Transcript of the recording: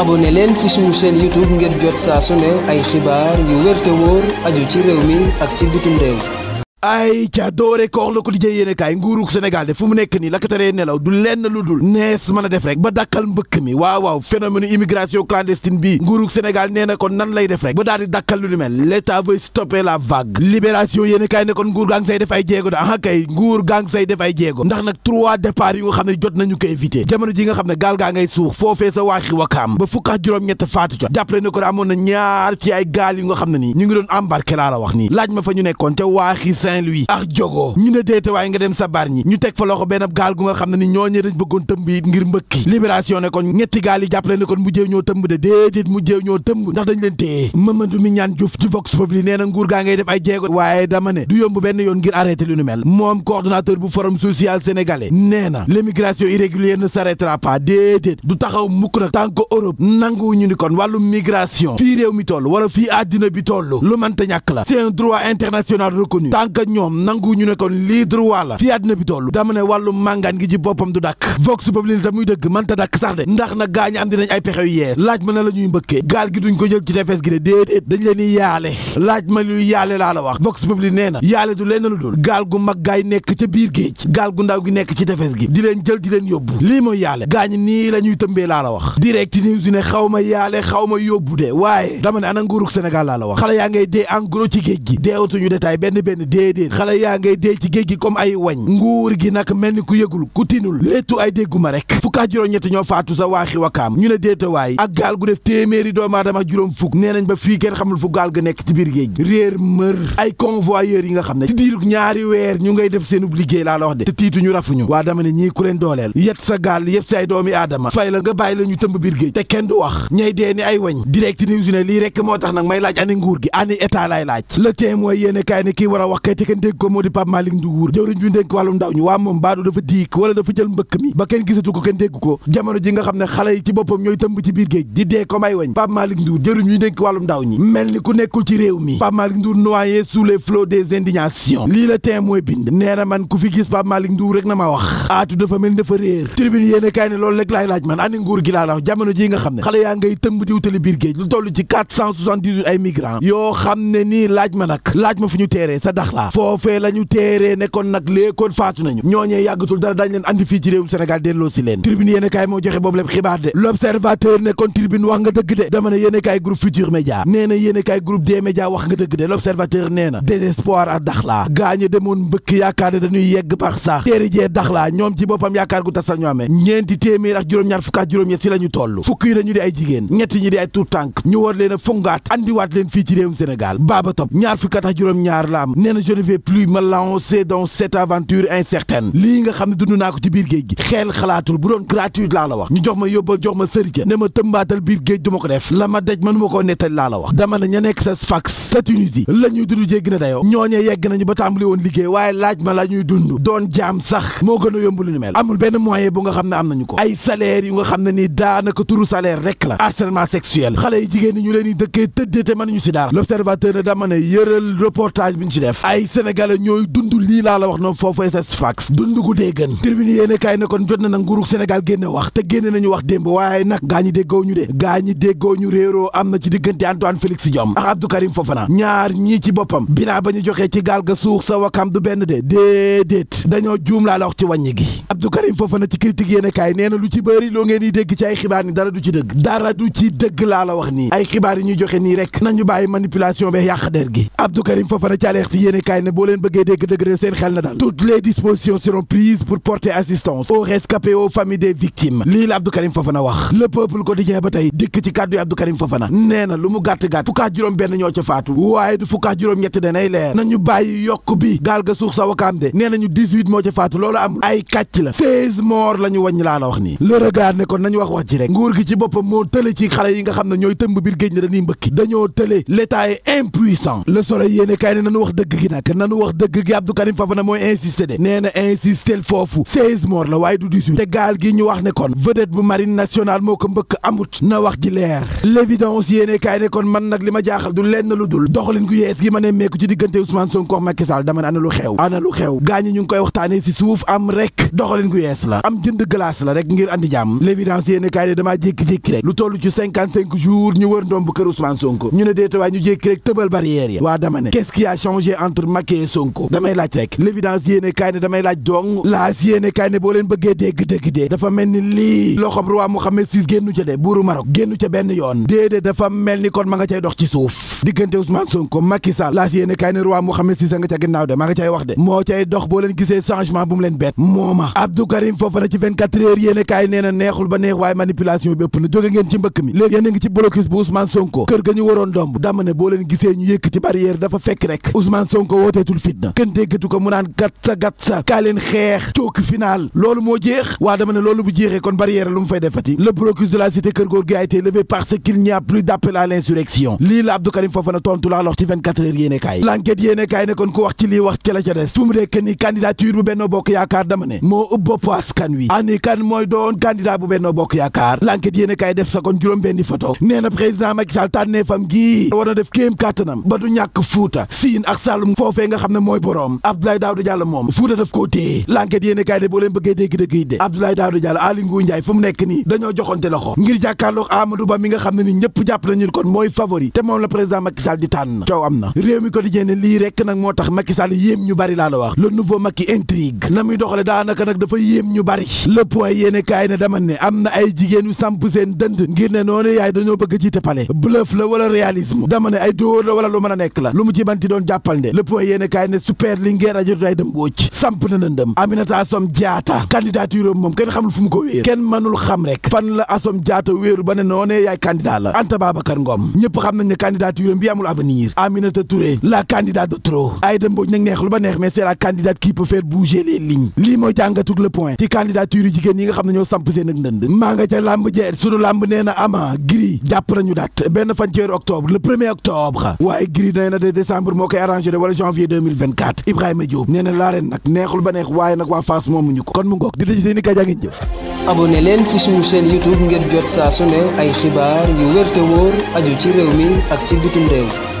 abone leen ci suñu chaîne YouTube ngir jot saa ay xibaar yu wér te aju ci réew mi ak ci bitim réew ay ca doore koor la ko lijjee yéene kaay nguuruk Sénégal de fu mu nekk nii la ko teree nelaw du lenn lu dul nees mën a def rek ba dakkal mbëkk mi waaw waaw phénomène immigration clandestine bii nguuruk Sénégal nee na kon nan lay def rek ba daal di dakkal lu ni mel l'état veut stopper la vague libération yéene kaay ne kon nguur gaa ngi say def ay jéego de ah kay nguur gaa ngi say def ay jéego ndax nag trois départs yu nga xam ne jot nañu ko éviter jamono ji nga xam ne gaal gaa ngay suux foofee sa waaxi wakaam ba fukk ak faatu ca jàppale ne kon amoon na ñaar ci ay gaal yu xam ne nii ñu ngi doon embarqué laa wax nii ma fa ñu nekkoon ca Saint-Louis ak Jogo ñu ne déete waaye nga dem sa bar ñi ñu teg fa loxo benn gaal gu nga xam ne ni ñooñu dañ bëggoon tëmb yi ngir mbëkki libération ne kon ñetti gaal yi jàppale ne kon mujjee ñoo tëmb de déedéet mujjee ñoo tëmb ndax dañ leen téye Mamadou Mignane Diouf ci Vox Populi nee na nguur gaa ngay def ay jéego waaye dama ne du yomb benn yoon ngir arrêté lu nu mel moom coordonnateur bu forum social sénégalais nee na l'immigration irrégulière ne s'arrêtera ñu ni kon wàllu migration fii réew mi toll wala fii àddina bi toll lu mënta que ñoom nangu ñu ne kon lii droit la fi àddina bi toll dama ne wàllu màngaan gi ci boppam du dàkk vox populi te muy dëgg mënta dàkk sax de ndax na gaañu am dinañ ay pexe yu yees laaj ma na la ñuy mbëkkee gaal gi duñ ko jël ci tefes gi de déedéet dañ leen di yaale laaj ma luy yaale laa la wax vox populi nee na yaale du leen lu dul gaal gu mag gaay nekk ca biir géej gaal gu ndaw gi nekk ci tefes gi di leen jël di leen yóbbu lii mooy yaale gaañ nii la ñuy tëmbee laa la wax direct news xaw ma yaale xaw ma yóbbu de waaye dama ne ana nguurug Sénégal laa la wax xale yaa ngay dee en gros ci géej gi deewatuñu détail benn benn dee déedéet xale yaa ngay dee ci géej gi comme ay wañ nguur gi nag mel ni ku yëgul ku tinul léttu ay dégguma rek fukkaa juróom ñetti ñoo faatu sa waaxi wakaam ñu ne déetawaay ak gaal gu def téeméeri doomu aadama ak juróom fukk nee nañ ba fii kenn xamul fu gaal ga nekk ci biir géej réer mër ay convoyeurs yi nga xam ne ci diiru ñaari weer ñu ngay def seen liggéey laa la wax de te tiituñu rafuñu waa dama ne ñii ku leen dooleel yet sa gaal yëpp si ay doomi a ci kenn dégg ko moo di Pape Malick Ndour jëwriñ bi dénk wàllum ndaw ñu waa moom baadu dafa diik wala dafa jël mbëkk mi ba kenn gisatu ko kenn dégg ko jamono ji nga xam ne xale yi ci boppam ñooy tëmb ci biir géej di dee ko may wañ Pape Malick Ndour jëwriñ ñu dénk wàllum ndaw ñi mel ni ku nekkul ci réew mi Pape Malick Ndour noyé sous les flots des indignations lii la Témoin mooy bind nee na man ku fi gis Pape Malick Ndour rek na ma wax aatu dafa mel ni dafa réer tribune laaj man ani nguur gi laa la wax ji nga xam ne xale yaa ngay tëmb di wutali biir géej lu toll ci 478 ay migrants yoo xam ne nii laaj ma nag laaj ma fu ñu teeree sa dax foofee la ñu téeree kon nag léekoon faatu nañu ñooñee yàggatul dara dañ leen andi fii ci réewum Sénégal delloo si leen tribune yéen kaay moo joxe boobu lépp xibaar de l'observateur ne kon tribune wax nga dëgg de dama ne yéen kaay groupe Futur Média nee na yéen kaay groupe wax nga dëgg de l'observateur nee na ak daxlaa gaañu demoon mbëkk yaakaar ne dañuy yegg par sax téere jee daxlaa ñoom ci boppam yaakaar gu tas la ñu amee ñeenti téeméer ak juróom fukk ak juróom-ñett la ñu toll fukk yi jigéen ñetti ñi di ay tuut tànk ñu war leen a fii ci réewum Sénégal baaba topp ñaar fukk ak juróom-ñaar la n'arrivais plus me lancer nga xam ne dund naa ko ci biir géej gi xel xalaatul bu doon gratuite laa la wax ñu jox ma yóbbal jox ma sërija ne ma tëmbaatal biir géej du ma ko def la ma dej mënu ma koo nettali laa la wax dama ne ña nekk sa fax sa Tunisie la ñuy dund jéggi na dayoo ñooñee yegg nañu ba tàmbali woon liggéey waaye laaj ma la ñuy dund doon jaam sax moo gën a yomb lu ni mel amul benn moyen bu nga xam ne am nañu ko ay salaire yu nga xam ne nii daanaka turu salaire rek la harcèlement sexuel xale yi jigéen ñi ñu leen di dëkkee tëddee te mënuñu si dara l'observateur ne dama ne yëral ay sénégalais ñooy dund lii laa la wax noonu foofu SS Fax dund gu dee gën tribune yéene kaay ne kon jot na nag nguurug Sénégal génne wax te génne nañu wax démb waaye nag gaa ñi déggoo ñu de gaa ñi déggoo ñu réeroo am na ci diggante Antoine Félix Diome ak Abdou Karim Fofana ñaar ñii ci boppam bilaa ba ñu joxee ci gaal ga suux sa wakam du benn de déedéet dañoo juum laa la wax ci wàññi gi Abdou Karim Fofana ci critique yéene kaay nee na lu ci bëri loo ngeen di dégg ci ay xibaar ni dara du ci dëgg dara du ci dëgg laa la wax nii ay xibaar yi ñuy joxe nii rek nañu bàyyi manipulation be yàq der gi Abdou Karim Fofana yéenekaay ne boo leen bëggee dégg dëgg de seen xel na dal toutes les dispositions seront prises pour porter assistance aux rescapés aux familles des victimes lii la Abdou Karim Fofana wax le peuple quotidien ba tey dikk ci kàddu yi Abdou Karim Fofana nee na lu mu gàtt-gàtt fukkaa juróom benn ñoo ca faatu waaye du bàyyi yokk bi gaal ga sa wakaam de nee nañu 18 moo ca faatu loolu amul ay kàcc la 16 morts la ñu laa la wax nii le ne kon nañu wax wax ji rek nguur nag nanu wax dëgg gi Abdou Karim Fofana mooy insisté de nee na foofu seize morts la waaye du 18 te gaal gi ñu wax ne kon vedette bu marine nationale moo ko mbëkk amut na wax ji leer l'évidence yéene kaay ne man nag li ma jaaxal du lenn lu dul doxalin gu yees gi ma ne meeku ci diggante Ousmane Sonko ak Macky Sall dama ne ana lu xew ana lu xew gaañi ñu ngi koy waxtaanee si suuf am rek doxalin gu yees la am jënd glace la rek ngir andi jàmm l'évidence yéene kaay ne ci cinquante cinq jours ñu wër ndoom bu kër Ousmane Sonko ñu ne déeta waaye Macky Sonko damay laaj rek l'évidence yéene kaay ne damay laaj dong laas yéene kaay ne boo leen bëggee dégg dégg dee dafa mel ni lii loxob roi Mohammed VI génnu ca de buuru Maroc génnu ca benn yoon déedéet dafa mel ni kon ma nga cay dox ci suuf diggante Ousmane Sonko Macky Sall laas yéene kaay ne roi Mohammed VI a nga ca ginnaaw de ma nga cay wax de moo cay dox boo leen gisee changement bu mu leen bett mooma Abdou Karim Fofana na neexul ba neex waaye manipulation bépp na jóge ngeen ci mbëkk mi léegi yéen a ngi ci blocus bu Ousmane Sonko kër boo leen gisee ñu yëkk ci barrière dafa fekk rek Ousmane wooteetul fitna kenn déggatu ko mu naan gat sa gat sa kaa leen xeex cooki final loolu moo jeex waa dama ne loolu bu jeexee kon barrière lu mu fay defati le blocus de la cité Keur Gorgui a été levé parce qu'il n'y a plus d'appel à l'insurrection lii la Abdou Karim tontu la alors ci yéene kaay l'enquête yéene kaay ne kon ku wax ci lii wax ca la ca mu nekk ni candidature bu Benno Bokk Yaakaar dama ne moo ëpp bopp askan kan mooy doon candidat bu Benno taxaw fee nga xam ne mooy boroom Abdoulaye Daouda Diallo moom fuuta daf koo téye l'enquête yéene kaay de boo leen bëggee dégg dëgg yi de Abdoulaye Daouda Diallo Aly Ngouille fu mu nekk nii dañoo joxonte loxo ngir jàkkaarloog Amadou Ba mi nga xam ne ni ñëpp jàpp nañu kon mooy favori te moom la président Macky Sall di tànn coow am na réew mi quotidien ne lii rekk nag moo tax Macky Sall ñu bari laa la wax le nouveau Macky intrigue na muy doxale daanaka nag dafa a la mooy yéen kaay ne super li ngeen rajo day dem wócc samp na ndëndëm Aminata Assome Diatta candidature moom kenn xamul fu mu ko wéer kenn mënul xam rek fan la Assome Diatta wéeru ba ne noonee yaay candidat la Anta Babacar Ngom ñëpp xam nañ ne candidature amul avenir Aminata Touré la candidate de trop Aïda Mbodj nag neex ba neex mais c'est la candidate qui peut faire bouger les lii mooy jàngatug le point ci candidature jigéen yi nga xam ne ñoo samp janvier 2024 Ibrahima Diop nee na laa leen nag neexul ba neex waaye nag waa Fass moomu ñu ko kon mu ngoog di tëj seen i kaja ngeen jëf abonné leen ci suñu chaîne YouTube jot saa ne ay xibaar yu wér wóor aju ci réew mi ak ci bitim réew